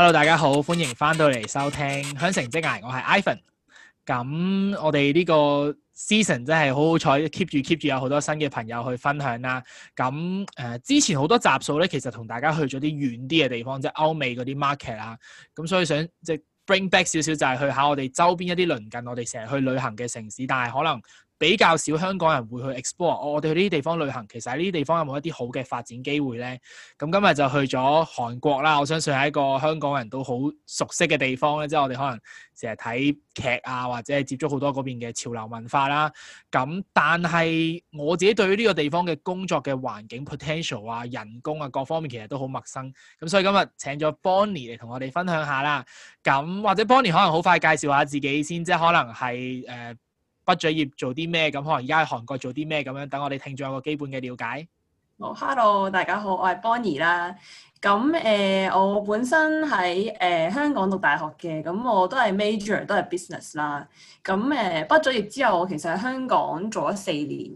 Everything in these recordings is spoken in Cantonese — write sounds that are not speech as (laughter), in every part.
Hello，大家好，歡迎翻到嚟收聽《香城職涯》，我係 Ivan。咁我哋呢個 season 真係好好彩，keep 住 keep 住有好多新嘅朋友去分享啦。咁誒、呃，之前好多集數咧，其實同大家去咗啲遠啲嘅地方，即係歐美嗰啲 market 啦。咁所以想即係、就是、bring back 少少，就係去下我哋周邊一啲鄰近我哋成日去旅行嘅城市，但係可能比較少香港人會去 explore，哦、我哋去呢啲地方旅行，其實喺呢啲地方有冇一啲好嘅發展機會咧？咁今日就去咗韓國啦，我相信係一個香港人都好熟悉嘅地方咧，即係我哋可能成日睇劇啊，或者係接觸好多嗰邊嘅潮流文化啦。咁但係我自己對於呢個地方嘅工作嘅環境 potential 啊、人工啊各方面其實都好陌生。咁所以今日請咗 Bonnie 嚟同我哋分享下啦。咁或者 Bonnie 可能好快介紹下自己先，即係可能係誒。呃畢咗業做啲咩？咁可能而家喺韓國做啲咩？咁樣等我哋聽咗有個基本嘅了解。哦，hello，大家好，我係 Bonnie 啦。咁誒、呃，我本身喺誒、呃、香港讀大學嘅，咁我都係 major 都係 business 啦。咁誒、呃、畢咗業之後，我其實喺香港做咗四年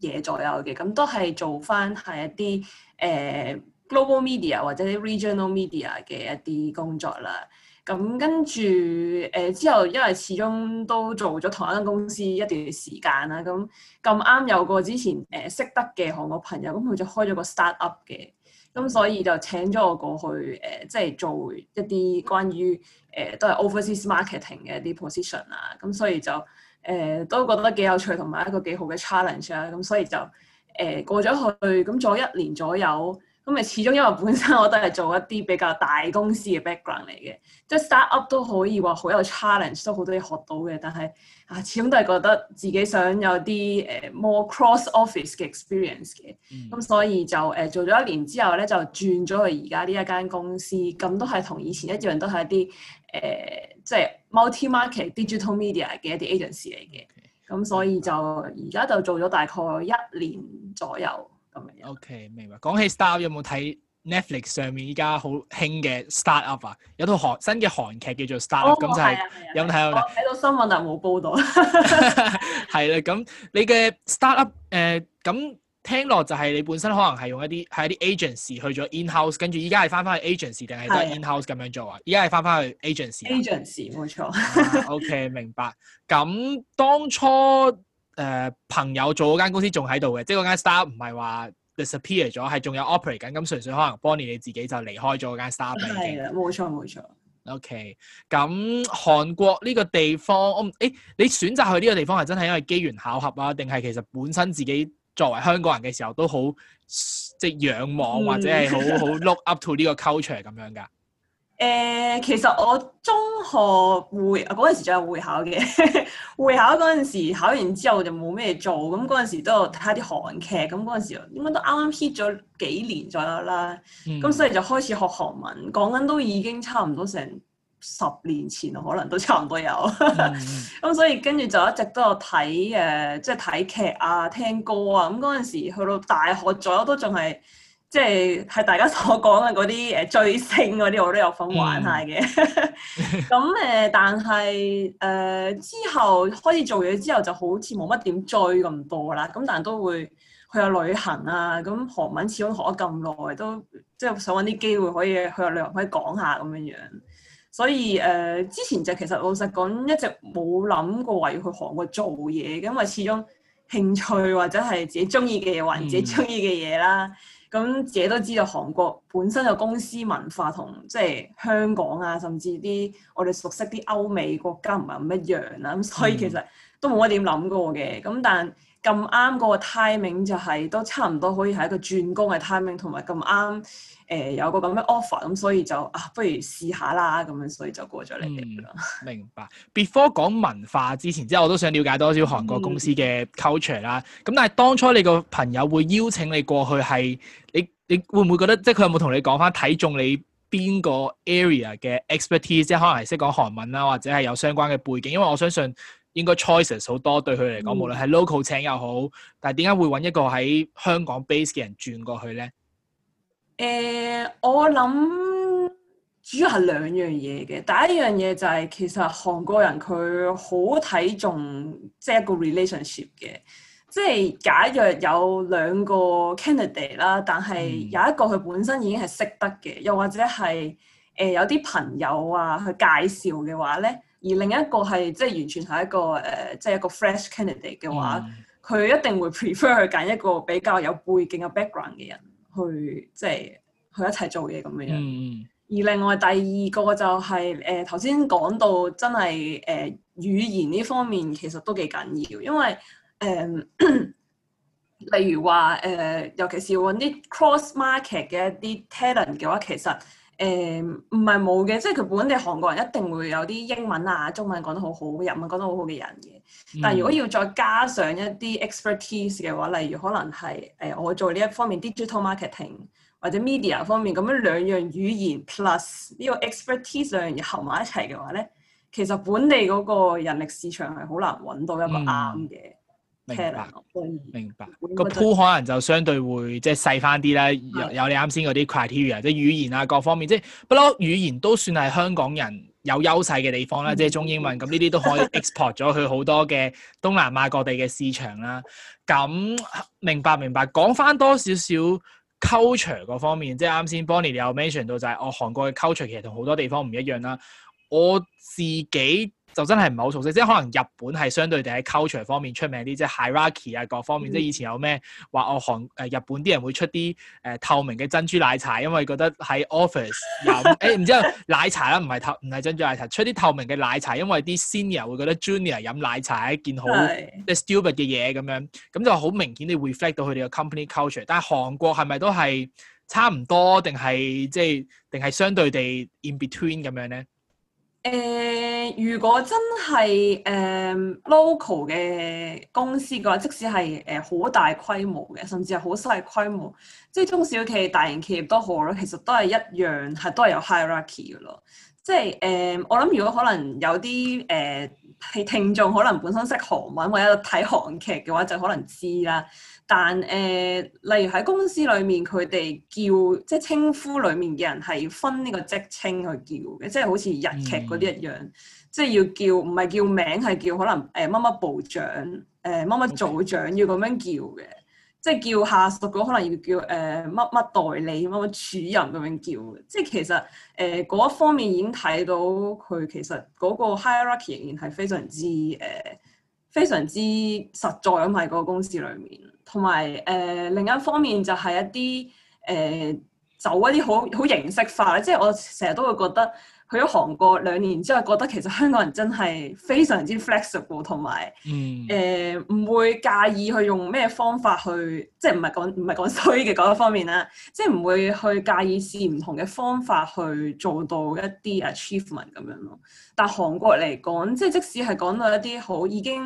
嘢左右嘅，咁都係做翻係一啲誒、呃、global media 或者啲 regional media 嘅一啲工作啦。咁跟住誒、呃、之後，因為始終都做咗同一間公司一段時間啦，咁咁啱有個之前誒、呃、識得嘅韓國朋友，咁、嗯、佢就開咗個 start up 嘅，咁所以就請咗我過去誒、呃，即係做一啲關於誒、呃、都係 office marketing 嘅一啲 position 啊，咁、嗯、所以就誒、呃、都覺得幾有趣，同埋一個幾好嘅 challenge 啊，咁、嗯、所以就誒、呃、過咗去，咁、嗯、做咗一年左右。咁咪始終因為本身我都係做一啲比較大公司嘅 background 嚟嘅，即、就、係、是、start up 都可以話好有 challenge，都好多嘢學到嘅。但係啊，始終都係覺得自己想有啲誒 more cross office 嘅 experience 嘅。咁、嗯嗯、所以就誒、呃、做咗一年之後咧，就轉咗去而家呢一間公司，咁都係同以前一樣，都係一啲誒、呃、即係 multi market digital media 嘅一啲 agency 嚟嘅。咁 Okay.、嗯、所以就而家就做咗大概一年左右。O.K. 明白。講起 Star，有冇睇 Netflix 上面依家好興嘅 Startup 啊？有套韓新嘅韓劇叫做 Startup，咁就係有冇睇啊？睇到新聞但冇報道。係啦，咁你嘅 Startup 誒，咁聽落就係你本身可能係用一啲係一啲 agency 去咗 in-house，跟住依家係翻翻去 agency 定係得 in-house 咁樣做啊？依家係翻翻去 agency。agency 冇錯。O.K. 明白。咁當初。誒、呃、朋友做嗰間公司仲喺度嘅，即係嗰間 startup 唔係話 disappear 咗，係仲有 operate 緊。咁純粹可能 Bonnie 你自己就離開咗嗰間 startup 啦。係啦，冇錯冇錯。錯 OK，咁韓國呢個地方，我、欸、唔你選擇去呢個地方係真係因為機緣巧合啊，定係其實本身自己作為香港人嘅時候都好即係仰望或者係好好 look up to 呢個 culture 咁樣㗎？誒、呃，其實我中學會嗰陣時仲有會考嘅，會考嗰陣時考完之後就冇咩做，咁嗰陣時都有睇下啲韓劇，咁嗰陣時應該都啱啱 hit 咗幾年左右啦，咁、嗯、所以就開始學韓文，講緊都已經差唔多成十年前，可能都差唔多有，咁、嗯嗯、 (laughs) 所以跟住就一直都喺度睇誒，即係睇劇啊、聽歌啊，咁嗰陣時去到大學左右都仲係。即係係大家所講嘅嗰啲誒追星嗰啲，我都有份玩下嘅。咁 (laughs) 誒、 (laughs) 呃，但係誒之後開始做嘢之後，之後就好似冇乜點追咁多啦。咁但係都會去下旅行啊。咁韓文始終學咗咁耐，都即係想揾啲機會可以去下旅行，可以講下咁樣樣。所以誒、呃，之前就其實老實講，一直冇諗過話要去韓國做嘢。因為，始終興趣或者係自己中意嘅嘢，或者自己中意嘅嘢啦。咁自己都知道韓國本身嘅公司文化同即係香港啊，甚至啲我哋熟悉啲歐美國家唔係咁一樣啦，咁所以其實都冇乜點諗過嘅。咁但咁啱嗰個 timing 就係、是、都差唔多可以係一個轉工嘅 timing，同埋咁啱。誒、呃、有個咁嘅 offer，咁所以就啊，不如試下啦咁樣，所以就過咗嚟、嗯、明白。Before 講文化之前，即係我都想了解多啲韓國公司嘅 culture 啦。咁、嗯、但係當初你個朋友會邀請你過去係你，你會唔會覺得即係佢有冇同你講返睇中你邊個 area 嘅 expertise，即係可能係識講韓文啦，或者係有相關嘅背景？因為我相信應該 choices 好多對佢嚟講，嗯、無論係 local 請又好，但係點解會揾一個喺香港 base 嘅人轉過去咧？誒、uh, 我諗主要係兩樣嘢嘅。第一樣嘢就係、是、其實韓國人佢好睇重，即係一個 relationship 嘅。即係假若有兩個 candidate 啦，但係有一個佢本身已經係識得嘅，嗯、又或者係誒、呃、有啲朋友啊去介紹嘅話咧，而另一個係即係完全係一個誒、uh, 即係一個 fresh candidate 嘅話，佢、嗯、一定會 prefer 去揀一個比較有背景嘅 background 嘅人。去即係去一齊做嘢咁樣樣，嗯、而另外第二個就係誒頭先講到真係誒、呃、語言呢方面其實都幾緊要，因為誒、呃、 (coughs) 例如話誒、呃、尤其是要搵啲 cross market 嘅一啲 talent 嘅話，其實。誒唔係冇嘅，即係佢本地韓國人一定會有啲英文啊、中文講得好好嘅、日文講得好好嘅人嘅。但係如果要再加上一啲 expertise 嘅話，例如可能係誒我做呢一方面 digital marketing 或者 media 方面咁樣，兩樣語言 plus 呢個 expertise 兩樣嘢合埋一齊嘅話咧，其實本地嗰個人力市場係好難揾到一個啱嘅。嗯明白，明白。個 pool 可能就相對會即係細翻啲啦。有有你啱先嗰啲 criteria，即係語言啊各方面，即係不嬲，語言都算係香港人有優勢嘅地方啦，嗯、即係中英文。咁呢啲都可以 export 咗去好多嘅東南亞各地嘅市場啦。咁 (laughs) 明白，明白。講翻多少少 culture 嗰方面，即係啱先 Bonnie 你有 mention 到就係、是、我韓國嘅 culture 其實同好多地方唔一樣啦。我自己，就真係唔係好熟悉，即係可能日本係相對地喺 culture 方面出名啲，即係 hierarchy 啊各方面，嗯、即係以前有咩話我韓誒、呃、日本啲人會出啲誒、呃、透明嘅珍珠奶茶，因為覺得喺 office 飲。誒、 (laughs) 欸，然之後奶茶啦唔係透唔係珍珠奶茶，出啲透明嘅奶茶，因為啲 senior 會覺得 junior 飲奶茶係一件好即係 stupid 嘅嘢咁樣，咁、嗯、就好明顯你 reflect 到佢哋嘅 company culture。但係韓國係咪都係差唔多，定係即係定係相對地 in between 咁樣咧？誒，uh, 如果真係誒、uh, local 嘅公司嘅話，即使係誒好大規模嘅，甚至係好細規模，即係中小企、大型企業都好咯，其實都係一樣，係都係有 hierarchy 嘅咯。即係誒，uh, 我諗如果可能有啲誒。Uh, 係聽眾可能本身識韓文或者睇韓劇嘅話，就可能知啦。但誒、呃，例如喺公司裏面，佢哋叫即係、就是、稱呼裏面嘅人係要分呢個職稱去叫嘅，即、就、係、是、好似日劇嗰啲一樣，嗯、即係要叫唔係叫名，係叫可能誒乜乜部長、誒乜乜組長，要咁樣叫嘅。即係叫下屬嗰，可能要叫誒乜乜代理、乜乜主任咁樣叫。即係其實誒嗰一方面已經睇到佢其實嗰個 hierarchy 仍然係非常之誒、呃、非常之實在咁喺個公司裡面。同埋誒另一方面就係一啲誒走一啲好好形式化，即係我成日都會覺得。去咗韓國兩年之後，覺得其實香港人真係非常之 flexible，同埋誒唔、嗯呃、會介意去用咩方法去，即係唔係講唔係講衰嘅嗰一方面啦，即係唔會去介意試唔同嘅方法去做到一啲 achievement 咁樣咯。但韓國嚟講，即係即使係講到一啲好已經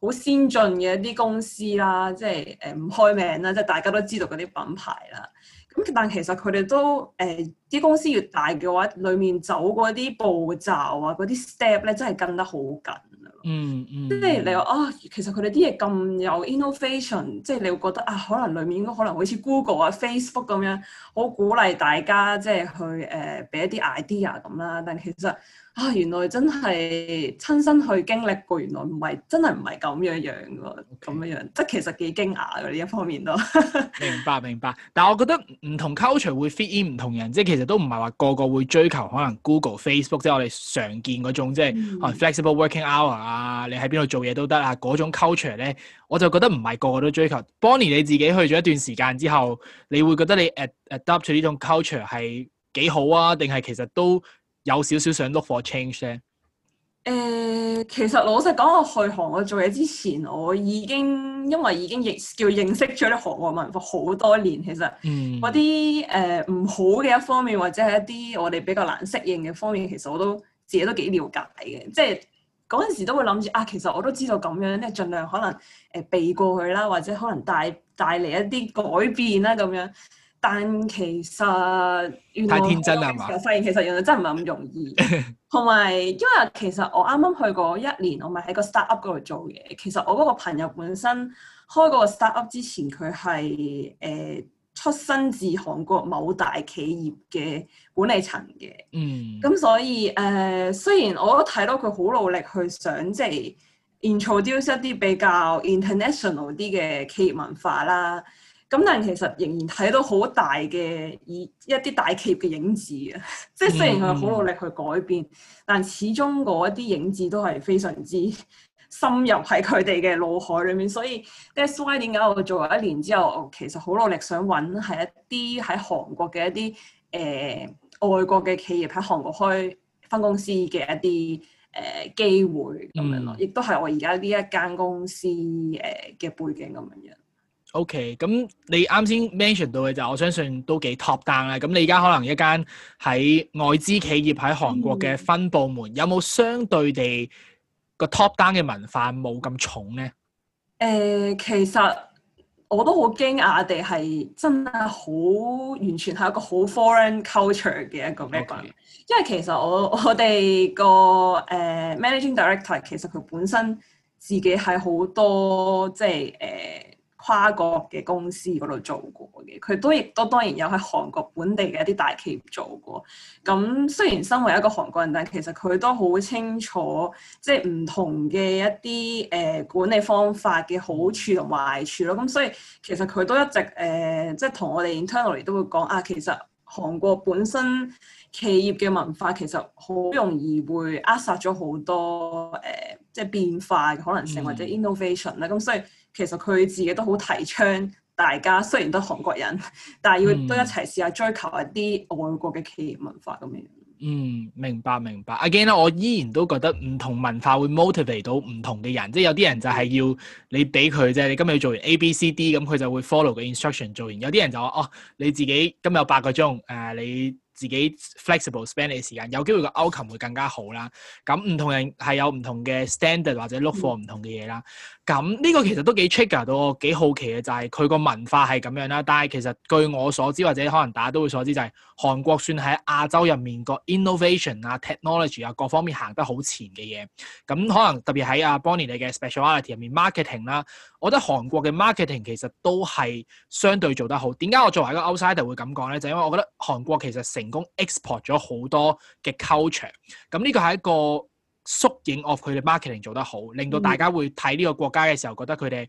好先進嘅一啲公司啦，即係誒唔開名啦，即係大家都知道嗰啲品牌啦。咁但其實佢哋都誒啲、呃、公司越大嘅話，裡面走嗰啲步驟啊，嗰啲 step 咧真係跟得好緊啊！嗯嗯，即係你話啊、哦，其實佢哋啲嘢咁有 innovation，即係你會覺得啊，可能裡面應該可能會似 Google 啊、Facebook 咁樣，好鼓勵大家即係去誒俾、呃、一啲 idea 咁啦。但其實，啊，原來真係親身去經歷過，原來唔係真係唔係咁樣 Okay. 樣喎，咁樣樣即係其實幾驚訝嘅呢一方面咯。 (laughs) 明白明白，但係我覺得唔同 culture 會 fit in 唔同人，即係其實都唔係話個個會追求可能 Google、Facebook 即係我哋常見嗰種，即係可能 flexible working hour 啊，你喺邊度做嘢都得啊嗰種 culture 咧，我就覺得唔係個個都追求。Bonnie 你自己去咗一段時間之後，你會覺得你 at ad adopt 呢種 culture 係幾好啊？定係其實都？有少少想 look for change 咧。誒，其實老實講，我去韓國做嘢之前，我已經因為已經認叫認識咗啲韓國文化好多年。其實，嗰啲誒唔好嘅一方面，或者係一啲我哋比較難適應嘅方面，其實我都自己都幾了解嘅。即係嗰陣時都會諗住啊，其實我都知道咁樣咧，盡量可能誒避過去啦，或者可能帶帶嚟一啲改變啦，咁樣。但其實太天真啦，係嘛？發現，其實原來真唔係咁容易。同埋，因為其實我啱啱去過一年，我咪喺個 startup 嗰度做嘢。其實我嗰個朋友本身開嗰個 startup 之前，佢係誒出身自韓國某大企業嘅管理層嘅。嗯。咁所以誒、呃，雖然我都睇到佢好努力去想，即係 introduce 一啲比較 international 啲嘅企業文化啦。咁但係其實仍然睇到好大嘅以一啲大企業嘅影子啊！即 (laughs) 係雖然佢好努力去改變，嗯、但始終嗰一啲影子都係非常之深入喺佢哋嘅腦海裏面。所以 That’s why 點解我做咗一年之後，我其實好努力想揾係一啲喺韓國嘅一啲誒、呃、外國嘅企業喺韓國開分公司嘅一啲誒、呃、機會咁樣咯，亦都係我而家呢一間公司誒嘅背景咁樣。OK，咁你啱先 mention 到嘅就我相信都幾 top down 咧。咁你而家可能一間喺外資企業喺韓國嘅分部門，嗯、有冇相對地個 top down 嘅文化冇咁重咧？誒、呃，其實我都好驚訝地係真係好完全係一個好 foreign culture 嘅一個咩講？因為其實我我哋個誒、呃、managing director 其實佢本身自己係好多即係誒。呃跨國嘅公司嗰度做過嘅，佢都亦都當然有喺韓國本地嘅一啲大企業做過。咁雖然身為一個韓國人，但係其實佢都好清楚，即係唔同嘅一啲誒、呃、管理方法嘅好處同壞處咯。咁所以其實佢都一直誒、呃，即係同我哋 internally 都會講啊。其實韓國本身企業嘅文化其實好容易會扼殺咗好多誒、呃，即係變化嘅可能性、嗯、或者 innovation 咧。咁所以。其實佢自己都好提倡大家，雖然都係韓國人，但係要都一齊試下追求一啲外國嘅企業文化咁樣。嗯，明白明白。Again 啦，我依然都覺得唔同文化會 motivate 到唔同嘅人，即係有啲人就係要你俾佢即係，你今日做完 A、B、C、D，咁佢就會 follow 個 instruction 做完。有啲人就話哦，你自己今日有八個鐘，誒、呃、你自己 flexible spend 你時間，有機會個 outcome 會更加好啦。咁唔同人係有唔同嘅 standard 或者 look for 唔同嘅嘢啦。咁呢、嗯這個其實都幾 trigger 到我，幾好奇嘅就係佢個文化係咁樣啦。但係其實據我所知，或者可能大家都會所知、就是，就係韓國算喺亞洲入面個 innovation 啊、technology 啊各方面行得好前嘅嘢。咁可能特別喺阿、啊、Bonnie 你嘅 speciality 入面 marketing 啦、啊。我覺得韓國嘅 marketing 其實都係相對做得好。點解我作為一個 outsider 會咁講呢？就係、因為我覺得韓國其實成功 export 咗好多嘅 culture。咁呢個係一個縮影 of 佢哋 marketing 做得好，令到大家會睇呢個國家嘅時候覺得佢哋、嗯。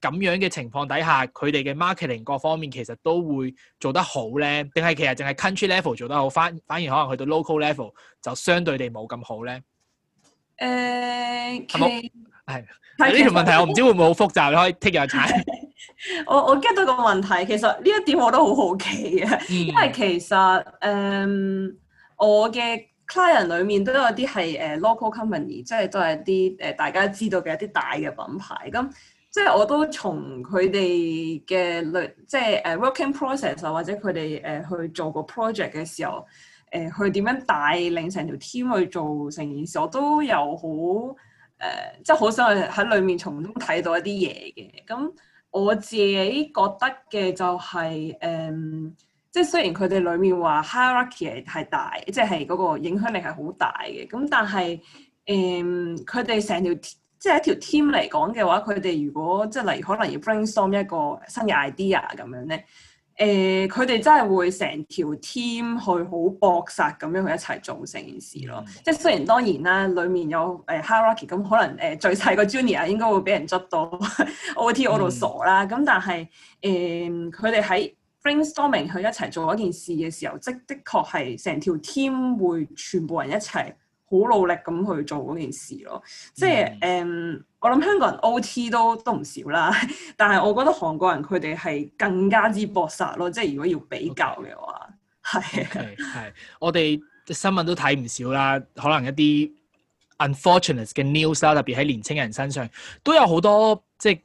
咁樣嘅情況底下，佢哋嘅 marketing 各方面其實都會做得好咧，定係其實淨係 country level 做得好，反反而可能去到 local level 就相對地冇咁好咧？誒、呃，係係呢條問題，我唔知會唔會好複雜，你可以 take your time。我我 get 到個問題，其實呢一點我都好好奇嘅，嗯、因為其實誒、呃、我嘅 client 裡面都有啲係誒 local company，即係都係一啲誒大家知道嘅一啲大嘅品牌咁。即係我都從佢哋嘅律，即係誒、uh, working process 啊，或者佢哋誒去做個 project 嘅時候，誒、呃、去點樣帶領成條 team 去做成件事，我都有好誒、呃，即係好想去喺裏面從中睇到一啲嘢嘅。咁、嗯、我自己覺得嘅就係、係、誒、嗯，即係雖然佢哋裏面話 hierarchy 係大，即係係嗰個影響力係好大嘅。咁但係誒，佢哋成條。即係一條 team 嚟講嘅話，佢哋如果即係例如可能要 brainstorm 一個新嘅 idea 咁、呃、樣咧，誒佢哋真係會成條 team 去好搏殺咁樣去一齊做成件事咯。即係、嗯、雖然當然啦，裡面有誒、呃、hierarchy 咁，可能誒、呃、最細個 junior 應該會俾人捉到我 IT 我度傻啦。咁但係誒佢、呃、哋喺 brainstorming 去一齊做嗰件事嘅時候，即的確係成條 team 會全部人一齊，好努力咁去做嗰件事咯，即係誒、嗯嗯，我諗香港人 O T 都都唔少啦，但係我覺得韓國人佢哋係更加之搏殺咯，即係如果要比較嘅話，係係，我哋新聞都睇唔少啦，可能一啲 unfortunate 嘅 news 啦，特別喺年青人身上都有好多即係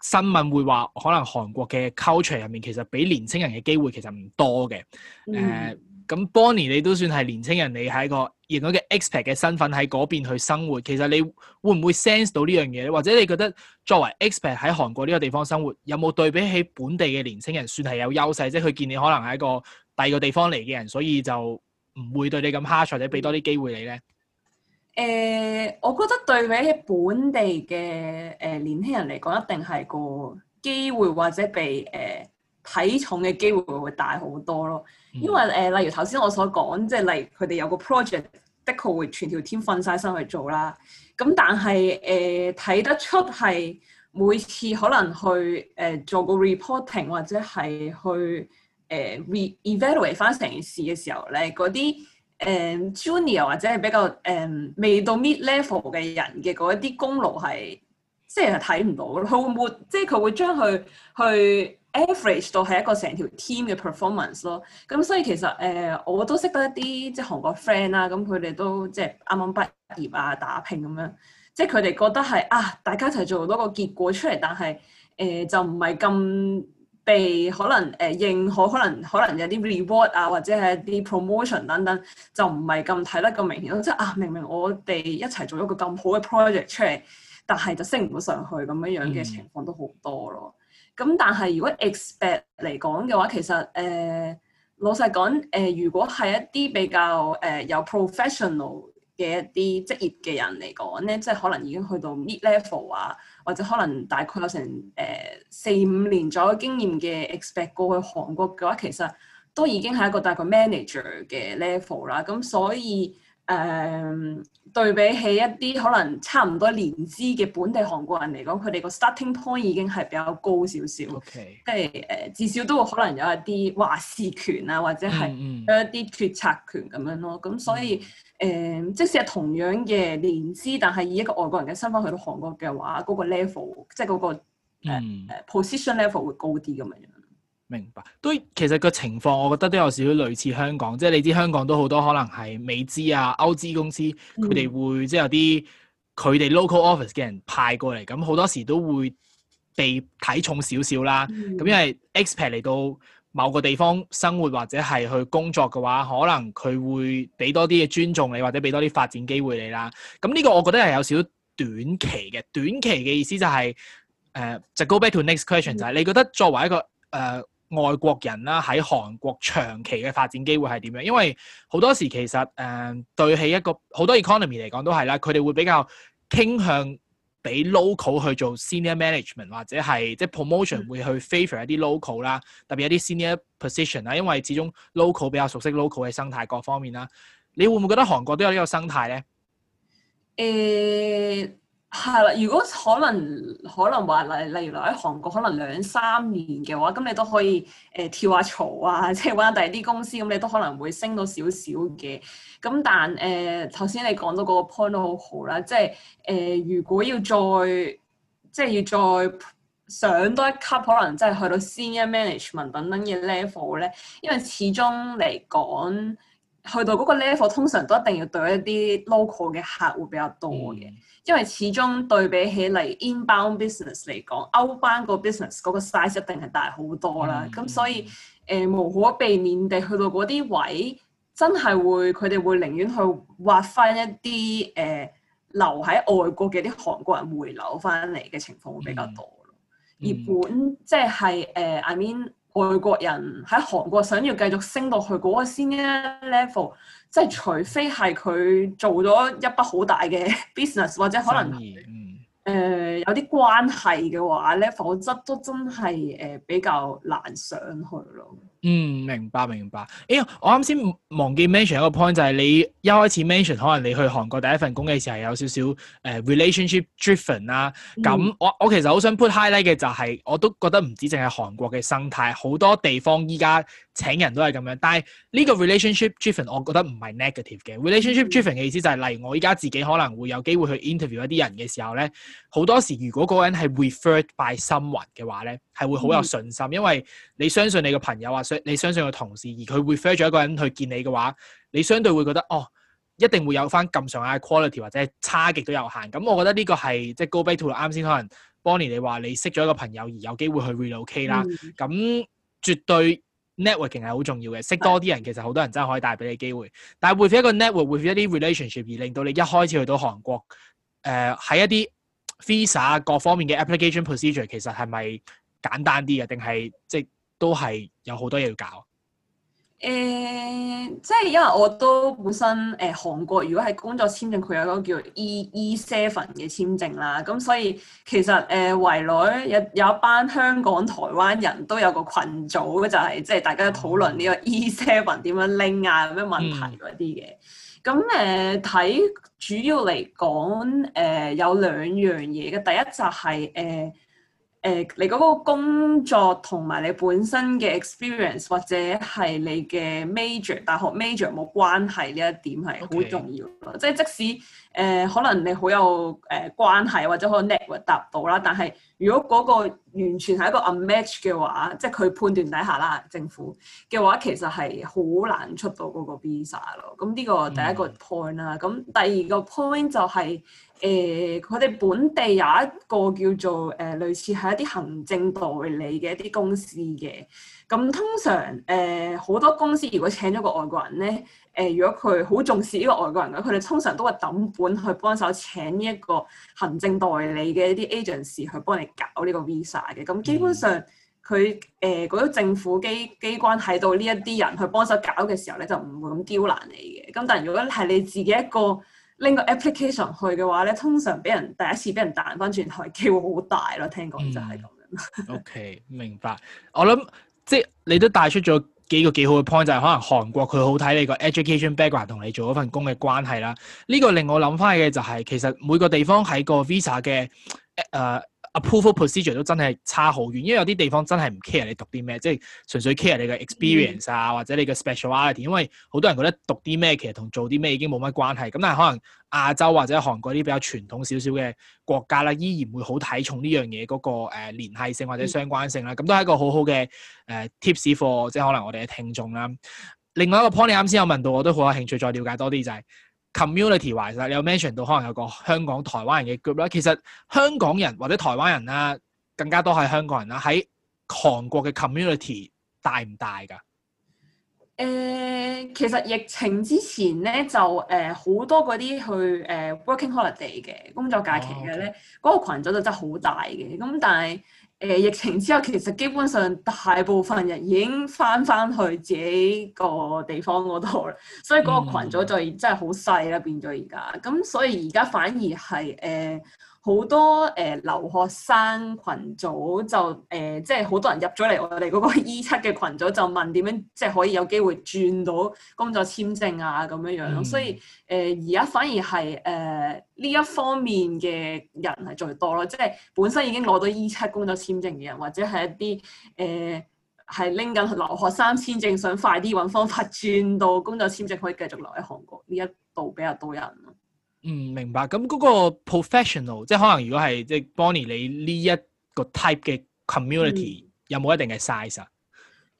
新聞會話，可能韓國嘅 culture 入面其實俾年青人嘅機會其實唔多嘅，誒、嗯。Uh, 咁 Bonnie，你都算係年青人，你係一個英國嘅 expat 嘅身份喺嗰邊去生活。其實你會唔會 sense 到呢樣嘢？或者你覺得作為 expat 喺韓國呢個地方生活，有冇對比起本地嘅年青人算係有優勢？即係佢見你可能係一個第二個地方嚟嘅人，所以就唔會對你咁 hard，或者俾多啲機會你咧？誒、呃，我覺得對比起本地嘅誒、呃、年輕人嚟講，一定係個機會或者被誒。呃睇重嘅機會會大好多咯，因為誒、呃，例如頭先我所講，即係例如佢哋有個 project，的確會全條 team 瞓曬身去做啦。咁但係誒睇得出係每次可能去誒、呃、做個 reporting 或者係去誒、呃、re-evaluate 翻成件事嘅時候咧，嗰啲誒 junior 或者係比較誒、呃、未到 mid level 嘅人嘅嗰一啲功勞係即係睇唔到咯。佢會冇即係佢會將佢去。Average 到係一個成條 team 嘅 performance 咯，咁所以其實誒、呃、我都識得一啲即係韓國 friend 啦、啊，咁佢哋都即係啱啱畢業啊，打拼咁樣，即係佢哋覺得係啊，大家一齊做多個結果出嚟，但係誒、呃、就唔係咁被可能誒、呃、認可，可能可能有啲 reward 啊，或者係啲 promotion 等等，就唔係咁睇得咁明顯咯。即係啊，明明我哋一齊做一個咁好嘅 project 出嚟，但係就升唔到上去咁樣樣嘅情況都好多咯。嗯咁但係如果 expat 嚟講嘅話，其實誒、呃、老實講誒、呃，如果係一啲比較誒有 professional 嘅一啲職業嘅人嚟講咧，即係可能已經去到 mid level 啊，或者可能大概有成誒、呃、四五年左右經驗嘅 expat 過去韓國嘅話，其實都已經係一個大概 manager 嘅 level 啦，咁、嗯、所以。誒、um, 對比起一啲可能差唔多年資嘅本地韓國人嚟講，佢哋個 starting point 已經係比較高少少，Okay. 即係誒至少都會可能有一啲話事權啊，或者係有一啲決策權咁樣咯。咁、mm hmm. 所以誒，mm hmm. um, 即使係同樣嘅年資，但係以一個外國人嘅身份去到韓國嘅話，嗰、嗰個 level 即係嗰個誒 position level 會高啲咁樣。Mm hmm. um. 明白，都其實個情況，我覺得都有少少類似香港，即係你知香港都好多可能係美資啊、歐資公司，佢哋、嗯、會即係有啲佢哋 local office 嘅人派過嚟，咁好多時都會被睇重少少啦。咁、嗯、因為 expat 嚟到某個地方生活或者係去工作嘅話，可能佢會俾多啲嘅尊重你，或者俾多啲發展機會你啦。咁、嗯、呢、這個我覺得係有少少短期嘅，短期嘅意思就係、是、誒、呃，就 go back to next question 就係你覺得作為一個誒。呃外國人啦喺韓國長期嘅發展機會係點樣？因為好多時其實誒、呃、對起一個好多 economy 嚟講都係啦，佢哋會比較傾向俾 local 去做 senior management 或者係即、係、promotion、嗯、會去 favor 一啲 local 啦，特別一啲 senior position 啦，因為始終 local 比較熟悉 local 嘅生態各方面啦。你會唔會覺得韓國都有呢個生態咧？誒、欸。係啦，如果可能，可能話例例如留喺韓國可能兩三年嘅話，咁你都可以誒、呃、跳下槽啊，即係揾下第二啲公司，咁你都可能會升到少少嘅。咁但誒頭先你講到個 point 都好好啦，即係誒、呃、如果要再即係要再上多一級，可能即係去到 senior management 等等嘅 level 咧，因為始終嚟講。去到嗰個 level，通常都一定要對一啲 local 嘅客戶會比較多嘅，嗯、因為始終對比起嚟 inbound business 嚟講 outbound 個 business 嗰個 size 一定係大好多啦。咁、嗯、所以誒、呃，無可避免地去到嗰啲位，真係會佢哋會寧願去挖翻一啲誒、呃、留喺外國嘅啲韓國人回流翻嚟嘅情況會比較多、嗯嗯、而本即係誒、呃、I mean。外國人喺韓國想要繼續升到去嗰個 senior 嘅 level，即係除非係佢做咗一筆好大嘅 business，或者可能誒、呃、有啲關係嘅話咧，否則都真係誒、呃、比較難上去咯。嗯，明白明白。哎、欸、呀，我啱先忘記 mention 一個 point 就係、是、你一開始 mention，可能你去韓國第一份工嘅時候係有少少誒 relationship driven 啦。咁、呃啊嗯、我我其實好想 put highlight 嘅就係、是、我都覺得唔止淨係韓國嘅生態，好多地方依家請人都係咁樣。但係呢個 relationship driven 我覺得唔係 negative 嘅。嗯、relationship driven 嘅意思就係、是、例如我依家自己可能會有機會去 interview 一啲人嘅時候咧，好多時如果嗰個人係 referred by someone 嘅話咧，係會好有信心，嗯、因為你相信你嘅朋友啊。你相信個同事，而佢會 refer 咗一個人去見你嘅話，你相對會覺得哦，一定會有翻咁上下 quality 或者差極都有限。咁我覺得呢個係即係 go back to 啱先可能 Bonnie 你話你識咗一個朋友而有機會去 relocate 啦。咁、嗯、絕對 networking 係好重要嘅，識多啲人其實好多人真係可以帶俾你機會。的但係 with 一個 network with 一啲 relationship 而令到你一開始去到韓國，誒、呃、喺一啲 visa 各方面嘅 application procedure 其實係咪簡單啲啊？定係即係？都係有好多嘢要搞。誒、呃，即係因為我都本身誒、呃、韓國，如果係工作簽證，佢有個叫 E-E Seven 嘅簽證啦。咁、嗯、所以其實誒、呃、圍內有有一班香港、台灣人都有個羣組、就係，就係即係大家討論呢個 E Seven 點、哦、樣拎啊，有咩問題嗰啲嘅。咁誒睇主要嚟講，誒、呃、有兩樣嘢嘅。第一就係、係、誒。呃誒、呃，你嗰個工作同埋你本身嘅 experience 或者係你嘅 major 大學 major 冇關係，呢一點係好重要咯。Okay. 即係即使誒、呃，可能你好有誒關係或者好 network 達到啦，但係如果嗰個完全係一個 unmatched 嘅話，即係佢判斷底下啦，政府嘅話其實係好難出到嗰個 visa 咯。咁、嗯、呢個第一個 point 啦。咁第二個 point 就係、是。誒，佢哋、呃、本地有一個叫做誒、呃，類似係一啲行政代理嘅一啲公司嘅。咁、嗯、通常誒，好、呃、多公司如果請咗個外國人咧，誒、呃，如果佢好重視呢個外國人嘅，佢哋通常都係抌本去幫手請呢一個行政代理嘅一啲 agents 去幫你搞呢個 visa 嘅。咁、嗯、基本上佢誒嗰啲政府機機關喺度呢一啲人去幫手搞嘅時候咧，就唔會咁刁難你嘅。咁但係如果係你自己一個，拎個 application 去嘅話咧，通常俾人第一次俾人彈翻轉頭機會好大咯，聽講就係咁樣。嗯、 (laughs) o、okay, K，明白。我諗即係你都帶出咗幾個幾好嘅 point，就係、是、可能韓國佢好睇你個 education background 同你做嗰份工嘅關係啦。呢、這個令我諗翻嘅就係、是、其實每個地方喺個 visa 嘅誒。呃 p r o procedure 都真係差好遠，因為有啲地方真係唔 care 你讀啲咩，即係純粹 care 你嘅 experience 啊，嗯、或者你嘅 speciality。因為好多人覺得讀啲咩其實同做啲咩已經冇乜關係。咁但係可能亞洲或者韓國啲比較傳統少少嘅國家啦，依然會好睇重呢樣嘢嗰個誒聯繫性或者相關性啦。咁、嗯、都係一個好好嘅誒 tips 課，呃、for，即係可能我哋嘅聽眾啦。另外一個 point，你啱先有問到，我都好有興趣再了解多啲就仔、係。community wise，你有 mention 到可能有個香港台灣人嘅 group 啦。其實香港人或者台灣人啦，更加多係香港人啦。喺韓國嘅 community 大唔大㗎？誒、呃，其實疫情之前咧，就誒好、呃、多嗰啲去誒、呃、working holiday 嘅工作假期嘅咧，嗰、哦 okay. 個群組就真係好大嘅。咁但係。誒、呃、疫情之後，其實基本上大部分人已經返返去自己個地方嗰度啦，所以嗰個羣組就真係好細啦，嗯、變咗而家。咁所以而家反而係誒。呃好多誒、呃、留學生群組就誒、呃，即係好多人入咗嚟我哋嗰個 E 七嘅群組，就問點樣即係可以有機會轉到工作簽證啊咁樣樣，嗯、所以誒而家反而係誒呢一方面嘅人係最多咯，即係本身已經攞到 E 七工作簽證嘅人，或者係一啲誒係拎緊留學生簽證，想快啲揾方法轉到工作簽證，可以繼續留喺韓國呢一度比較多人。嗯，明白。咁、那、嗰個 professional，即係可能如果係即係 Bonnie 你呢一個 type 嘅 community、嗯、有冇一定嘅 size 啊、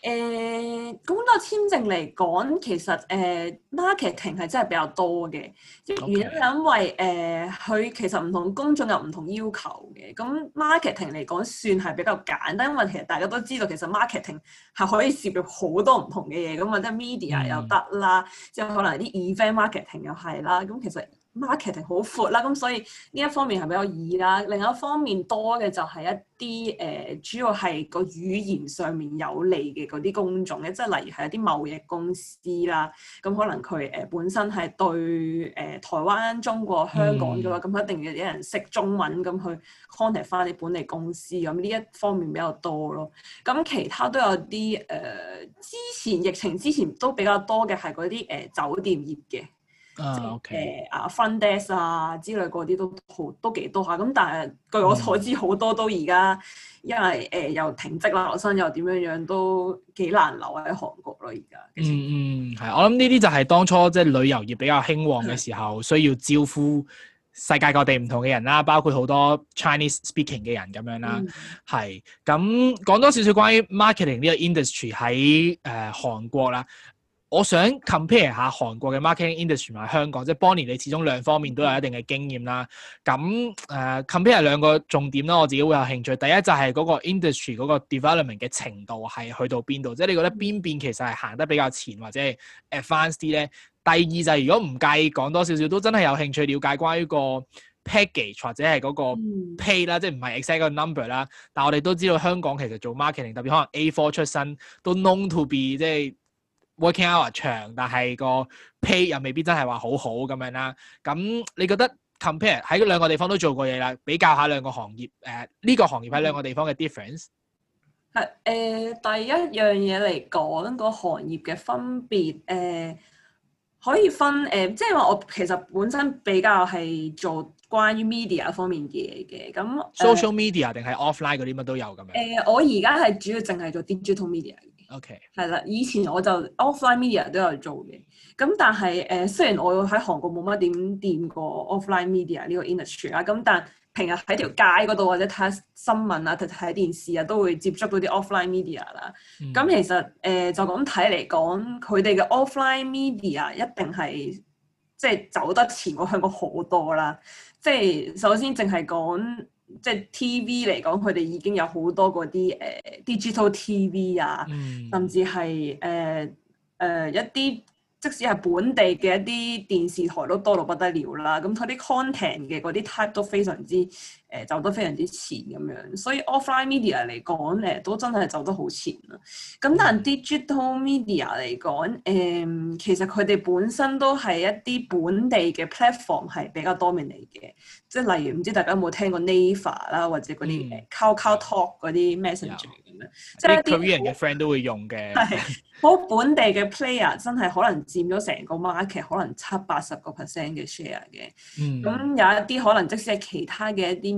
嗯？誒、嗯，咁個簽證嚟講，其實誒 marketing 係真係比較多嘅。即原因係因為誒，佢、嗯呃、其實唔同公眾有唔同要求嘅。咁 marketing 嚟講，算係比較簡單，因為其實大家都知道，其實 marketing 係可以涉入好多唔同嘅嘢。咁或者 media 又得啦，即後可、嗯、可能啲 event marketing 又係啦。咁其實 Marketing 好闊啦，咁所以呢一方面係比較易啦。另一方面多嘅就係一啲誒、呃，主要係個語言上面有利嘅嗰啲工眾種咧，即係例如係一啲貿易公司啦。咁可能佢誒本身係對誒台灣、中國、香港嘅話，咁一定要有人識中文咁去 contact 翻啲本地公司。咁呢一方面比較多咯。咁其他都有啲誒、呃，之前疫情之前都比較多嘅係嗰啲誒酒店業嘅。呃、Okay. 啊，誒啊 fund 啊之類嗰啲都好都幾多下，咁但係據我所知好、嗯、多都而家因為誒、呃、又停職啦，學生又點樣，樣都幾難留喺韓國咯而家。嗯嗯，係，我諗呢啲就係當初即係、就是、旅遊業比較興旺嘅時候，是需要招呼世界各地唔同嘅人啦，包括好多 Chinese speaking 嘅人咁樣啦，係、嗯。咁講多少少關於 marketing 呢個 industry 喺誒韓國啦。我想 compare 下韓國嘅 marketing industry 同埋香港，即係 Bonnie 你始終兩方面都有一定嘅經驗啦。咁誒，compare 兩個重點啦，我自己會有興趣。第一就係嗰個 industry 嗰個 development 嘅程度係去到邊度，即係你覺得邊邊其實係行得比較前或者係 advanced 啲咧？第二就係如果唔介意講多少少，都真係有興趣了解關於個 package 或者係嗰個 pay 啦、嗯，即係唔係 exact 個 number 啦。但係我哋都知道香港其實做 marketing，特別可能 A four 出身都 known to be 即係。Working hour 長，但係個 pay 又未必真係話好好咁樣啦。咁你覺得 compare 喺兩個地方都做過嘢啦，比較下兩個行業誒呢、呃呢個行業喺兩個地方嘅 difference？係誒、呃、第一樣嘢嚟講，個行業嘅分別誒、呃、可以分誒、呃，即係話我其實本身比較係做關於 media 方面嘅嘢嘅。咁、呃、social media 定係 offline 嗰啲乜都有咁樣。誒、呃，我而家係主要淨係做 digital media。OK，係啦，以前我就 offline media 都有做嘅，咁但係誒、呃，雖然我喺韓國冇乜點掂過 offline media 呢個 industry 啦，咁但平日喺條街嗰度或者睇新聞啊，或者睇電視啊，都會接觸到啲 offline media 啦、mm。咁、hmm。其實誒、呃，就咁睇嚟講，佢哋嘅 offline media 一定係即係走得前過香港好多啦。即、就、係、是、首先淨係講。即係 TV 嚟講，佢哋已經有好多嗰啲誒 Digital TV 啊，甚至係誒誒一啲，即使係本地嘅一啲電視台都多到不得了啦。咁佢啲 content 嘅嗰啲 type 都非常之。誒走得非常之前咁樣，所以 offline media 嚟講咧都真係走得好前啦。咁、嗯、但 digital media 嚟講，誒、嗯、其實佢哋本身都係一啲本地嘅 platform 係比較 dominant 嘅，即係例如唔知大家有冇聽過 Naver 啦，或者嗰啲 KakaoTalk 嗰啲 message 咁樣，嗯、enger, 有即係啲 Korean 嘅 friend 都會用嘅，好本地嘅 player 真係可能佔咗成個 market 可能七八十個 percent 嘅 share 嘅。Sh are，嗯，咁、嗯、有一啲可能即使係其他嘅一啲。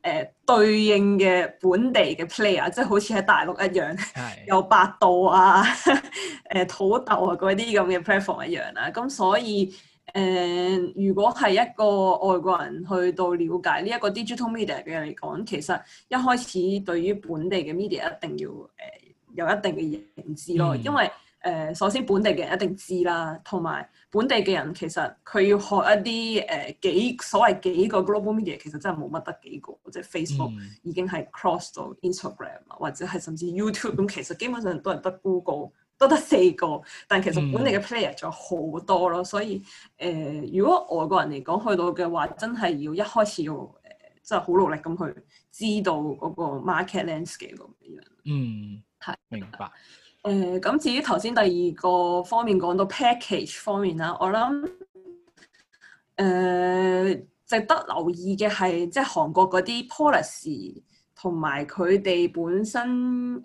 誒、呃、對應嘅本地嘅 player，即係好似喺大陸一樣，的有百度啊、誒、 (laughs) 呃、土豆啊嗰啲咁嘅 platform 一樣啦、啊。咁所以誒、呃，如果係一個外國人去到了解呢一個 digital media 嘅人嚟講，其實一開始對於本地嘅 media 一定要誒、呃、有一定嘅認知咯，嗯、因為。誒，首、呃、先本地嘅人一定知啦，同埋本地嘅人其實佢要學一啲誒、呃、幾所謂幾個 global media，其實真係冇乜得幾個，即係 Facebook、嗯、已經係 cross 到 Instagram 或者係甚至 YouTube，咁其實基本上都係得 Google，都得四個，但其實本地嘅 player 仲有好多咯，嗯、所以誒、呃，如果外國人嚟講去到嘅話，真係要一開始要誒、呃，真係好努力咁去知道嗰個 market landscape 嗰樣。嗯，係是明白。誒咁、呃、至於頭先第二個方面講到 package 方面啦，我諗誒值得留意嘅係，即係韓國嗰啲 policy 同埋佢哋本身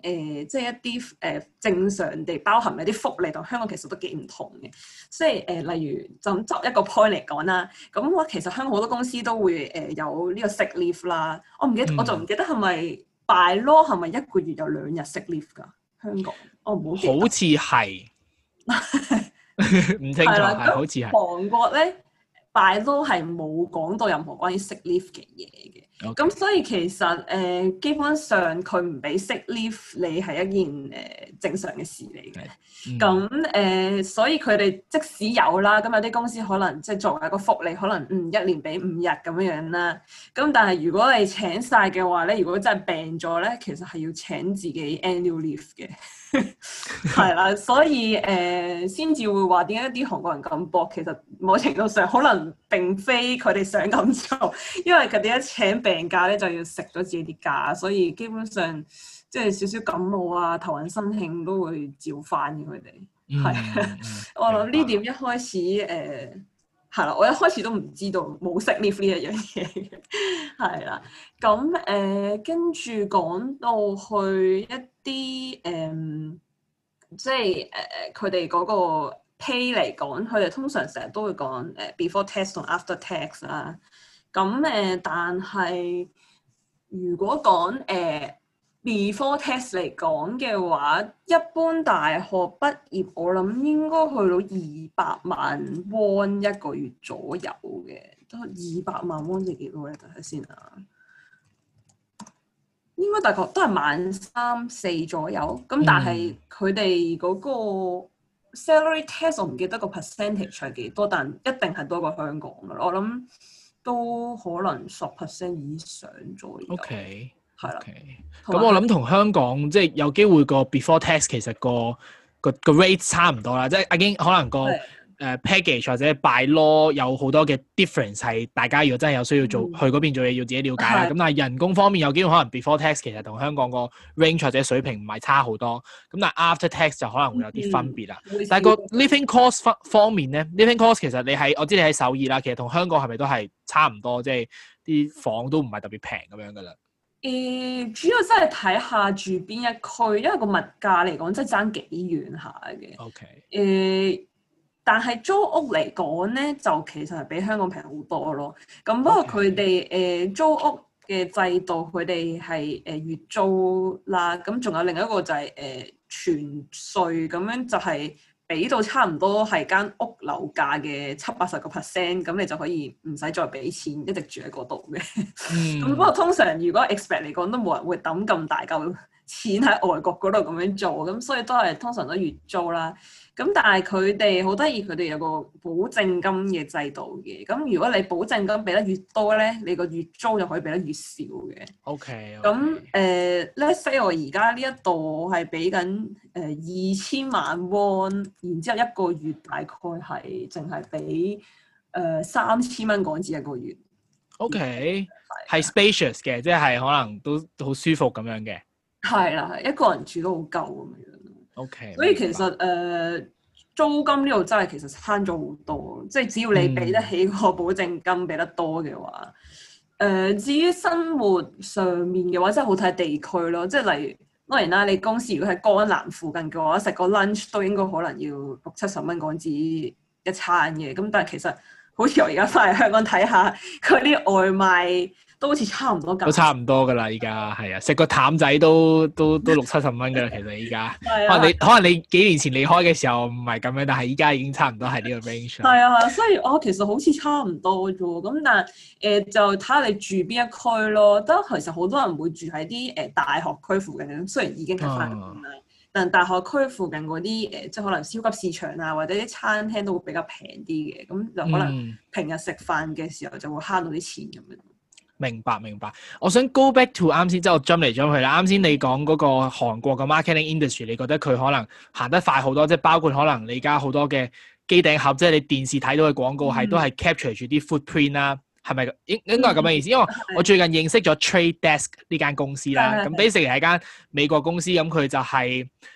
誒、呃，即係一啲誒正常地包含嘅啲福利同香港其實都幾唔同嘅。所以誒、呃，例如就咁執一個 point 嚟講啦，咁我其實香港好多公司都會誒有呢個 sick leave 啦。我唔記，我就唔記得係咪 by law 係咪一個月有兩日 sick leave 噶？香港，我唔好 (laughs) 的好似係唔清楚，好似係韓國咧，拜都係冇講到任何關於 sick leave 嘅嘢嘅，咁 Okay. 所以其實誒、呃、基本上佢唔俾 sick leave 你係一件誒。呃正常嘅事嚟嘅，咁誒、嗯呃，所以佢哋即使有啦，咁有啲公司可能即係作為一個福利，可能嗯一年俾五日咁樣啦。咁但係如果你請晒嘅話咧，如果真係病咗咧，其實係要請自己 annual leave 嘅，係 (laughs) 啦。所以誒，先、呃、至會話點解啲韓國人咁搏，其實某程度上可能並非佢哋想咁做，因為佢哋一請病假咧就要食咗自己啲假，所以基本上。即係少少感冒啊、頭暈身興都會照翻嘅佢哋。係我諗呢點一開始誒，係啦，我一開始都唔知道冇識呢呢一樣嘢嘅，係啦。咁誒跟住講到去一啲誒，即係誒佢哋嗰個 pay 嚟講，佢哋通常成日都會講誒、呃、before tax 同 after tax 啦。咁誒，但係、呃、如果講誒，呃呃 Before test 嚟講嘅話，一般大學畢業，我諗應該去到二百萬 won 一個月左右嘅，都二百萬 won 值幾多咧？睇睇先啊，應該大概都係萬三四左右。咁、嗯、但係佢哋嗰個 salary test，我唔記得個 percentage 係幾多，但一定係多過香港嘅。我諗都可能十 percent 以上左右。OK。係啦，咁 Okay. 我諗同香港即係、就是、有機會個 before tax 其實個個個,個 rate 差唔多啦，即係已經可能個誒的、呃、package 或者 by law 有好多嘅 difference 係大家如果真係有需要做、嗯、去嗰邊做嘢要自己了解啦。咁的但係人工方面有機會可能 before tax 其實同香港個 range 或者水平唔係差好多，咁但係 after tax 就可能會有啲分別啦。嗯、但係個 living cost 方面咧，living cost 其實你喺我知你喺首爾啦，其實同香港係咪都係差唔多，即係啲房都唔係特別平咁樣噶啦。誒、呃、主要真係睇下住邊一區，因為個物價嚟講真係爭幾遠下嘅。OK。誒、呃，但係租屋嚟講咧，就其實係比香港平好多咯。咁不過佢哋誒租屋嘅制度，佢哋係誒月租啦。咁仲有另一個就係、是、誒、呃、全稅咁樣，就係、是。俾到差唔多係間屋樓價嘅七八十個 percent，咁你就可以唔使再俾錢，一直住喺嗰度嘅。咁不過通常如果 expat 嚟講，都冇人會抌咁大嚿錢喺外國嗰度咁樣做，咁所以都係通常都月租啦。咁但係佢哋好得意，佢哋有，有個保證金嘅制度嘅。咁如果你保證金俾得越多咧，你個月租就可以俾得越少嘅。O Okay , K okay.。咁、呃、誒，咧，所以我而家呢一度係俾緊誒二千萬 won，然之後一個月大概係淨係俾誒三千蚊港紙一個月。O Okay . K、就是。係 spacious 嘅， (laughs) 即係可能都好舒服咁樣嘅。係啦，一個人住都好夠咁樣。O K。所以其實誒明白、呃、租金呢度真係其實慳咗好多，即係只要你俾得起個保證金俾得多嘅話。誒、嗯呃，至於生活上面嘅話，真係好睇地區咯。即係例如當然啦，你公司如果喺江南附近嘅話，食個 lunch 都應該可能要六七十蚊港紙一餐嘅。咁但係其實好似我而家翻嚟香港睇下佢啲外賣。都好似差唔多架，都差唔多噶啦，依家係啊，食個譚仔都都都六七十蚊噶啦，其實依家。係啊。可能你幾年前離開嘅時候唔係咁樣，但係依家已經差唔多係呢個 range。係啊，所以我、哦、其實好似差唔多啫喎。咁但係誒、呃，就睇下你住邊一區咯。得其實好多人會住喺啲誒大學區附近，雖然已經係翻工啦，嗯、但大學區附近嗰啲誒，即係可能超級市場啊，或者啲餐廳都會比較平啲嘅。咁就可能平日食飯嘅時候就會慳到啲錢咁樣。嗯明白明白，我想 go back to 啱先，即係我 jump 嚟 jump 去啦。啱先你講嗰個韓國嘅 marketing industry，你覺得佢可能行得快好多，即係包括可能你而家好多嘅機頂盒，即係你電視睇到嘅廣告，係、嗯、都係 capture 住啲 footprint 啦，係咪？應應該係咁嘅意思，嗯、因為我最近認識咗 Trade Desk 呢間公司啦。咁，Basically 係間美國公司，咁佢就係、是。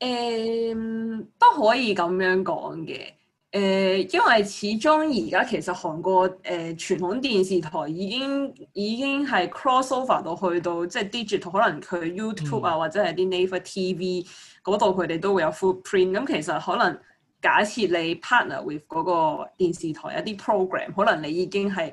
誒、um, 都可以咁樣講嘅，誒、uh, 因為始終而家其實韓國誒、uh, 傳統電視台已經已經係 crossover 到去到即係、就是、digital，可能佢 YouTube 啊或者係啲 Naver TV 嗰度佢哋都會有 footprint、嗯。咁其實可能假設你 partner with 嗰個電視台一啲 program，可能你已經係。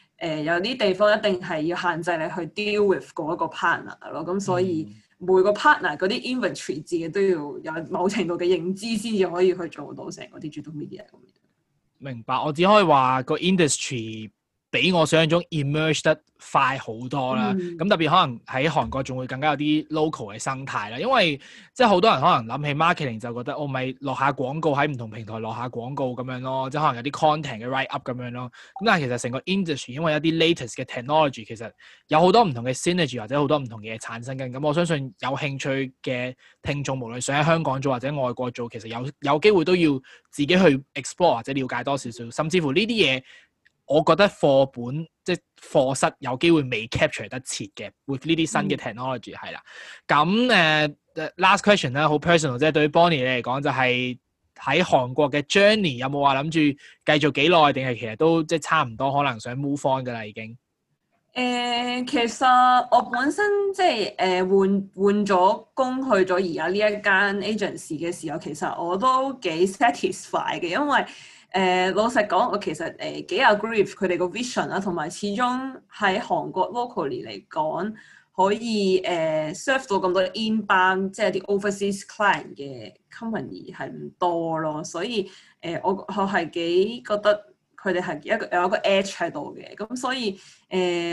誒、呃、有啲地方一定係要限制你去 deal with 嗰個 partner 咯，咁所以每個 partner 嗰啲 inventory 自己都要有某程度嘅認知，先至可以去做到成個 digital media 咁樣。明白，我只可以話個 industry，比我想象中 emerge 得快好多啦，咁、嗯、特別可能喺韓國仲會更加有啲 local 嘅生態啦，因為即係好多人可能諗起 marketing 就覺得，我咪落下廣告喺唔同平台落下下廣告咁樣咯，即係可能有啲 content 嘅 write up 咁樣咯。咁但係其實成個 industry 因為一啲 latest 嘅 technology 其實有好多唔同嘅 synergy 或者好多唔同嘢產生緊。咁我相信有興趣嘅聽眾，無論想喺香港做或者外國做，其實有有機會都要自己去 explore 或者了解多少少，甚至乎呢啲嘢。我覺得課本即係課室有機會未 capture 得切嘅，with 呢啲新嘅 technology 係啦。咁誒，last question 啦，好 personal，即係對於 Bonnie 嚟講，就係喺韓國嘅 journey 有冇話諗住繼續幾耐，定係其實都即係差唔多，可能想 move on 㗎啦，已經？誒，uh，其實我本身即係誒換換咗工去咗而家呢一間 agency 嘅時候，其實我都幾 satisfy 嘅，因為誒、呃、老實講，我其實誒幾 agree 佢哋個 vision 啦，同埋始終喺韓國 locally 嚟講，可以誒 serve、呃、到咁多 inbound，即係啲 overseas client 嘅 company 係唔多咯，所以誒、呃、我我係幾覺得。佢哋係一個有一個 edge 喺度嘅，咁所以誒、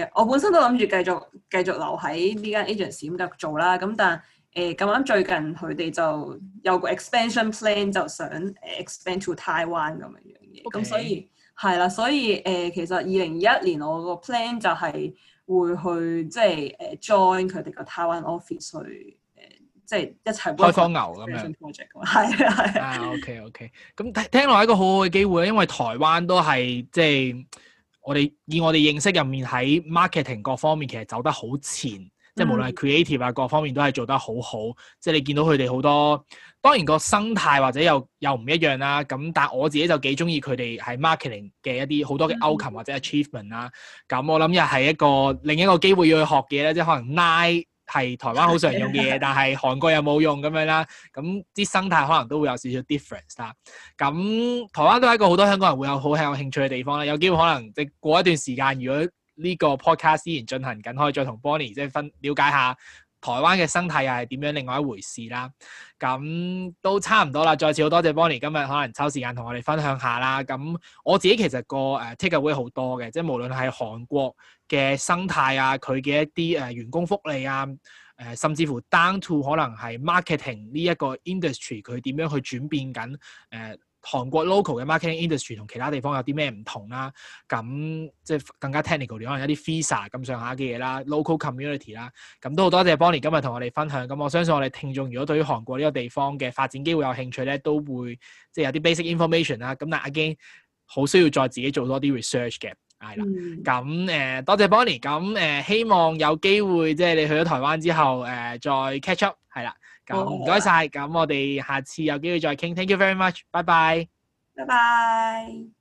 呃，我本身都諗住繼續繼續留喺呢間 agency 咁繼續做啦，咁但係誒咁啱最近佢哋就有個 expansion plan，就想 expand to Taiwan 咁樣嘅，咁 Okay. 所以係啦，所以誒、呃、其實二零二一年我個 plan 就係會去即係誒 join 佢哋個 Taiwan office 去。即係一齊開荒牛咁樣，係啊係啊。OK OK，咁聽落係一個好好嘅機會，因為台灣都係即係我哋以我哋認識入面喺 marketing 各方面其實走得好前，嗯、即係無論係 creative 啊各方面都係做得好好。即係你見到佢哋好多，當然個生態或者又又唔一樣啦。咁但係我自己就幾中意佢哋喺 marketing 嘅一啲好多嘅 outcome 或者 achievement 啦。咁、嗯、我諗又係一個另一個機會要去學嘅咧，即係可能拉。係台灣好常用嘅嘢，但係韓國又冇用咁樣啦。咁啲生態可能都會有少少 difference 啦。咁台灣都係一個好多香港人會有好興、有興趣嘅地方啦。有機會可能即係過一段時間，如果呢個 podcast 依然進行緊，可以再同 Bonnie 即係分了解下。台灣嘅生態又係點樣，另外一回事啦。咁都差唔多啦。再次好多謝 Bonnie 今日可能抽時間同我哋分享下啦。咁我自己其實個誒、呃、takeaway 好多嘅，即係無論係韓國嘅生態啊，佢嘅一啲誒、呃、員工福利啊，誒、呃、甚至乎 down to 可能係 marketing 呢一個 industry 佢點樣去轉變緊誒。呃韓國 local 嘅 marketing industry 同其他地方有啲咩唔同啦？咁即係更加 technical 啲，可能一啲 visa 咁上下嘅嘢啦，local community 啦，咁都好多謝 Bonnie 今日同我哋分享。咁我相信我哋聽眾如果對於韓國呢個地方嘅發展機會有興趣咧，都會即係有啲 basic information 啦。咁但係已經好需要再自己做多啲 research 嘅，係啦。咁誒、嗯、多謝 Bonnie。咁誒希望有機會即係、就是、你去咗台灣之後誒再 catch up 係啦。咁唔該晒，咁我哋下次有機會再傾。Thank you very much，拜拜，拜拜。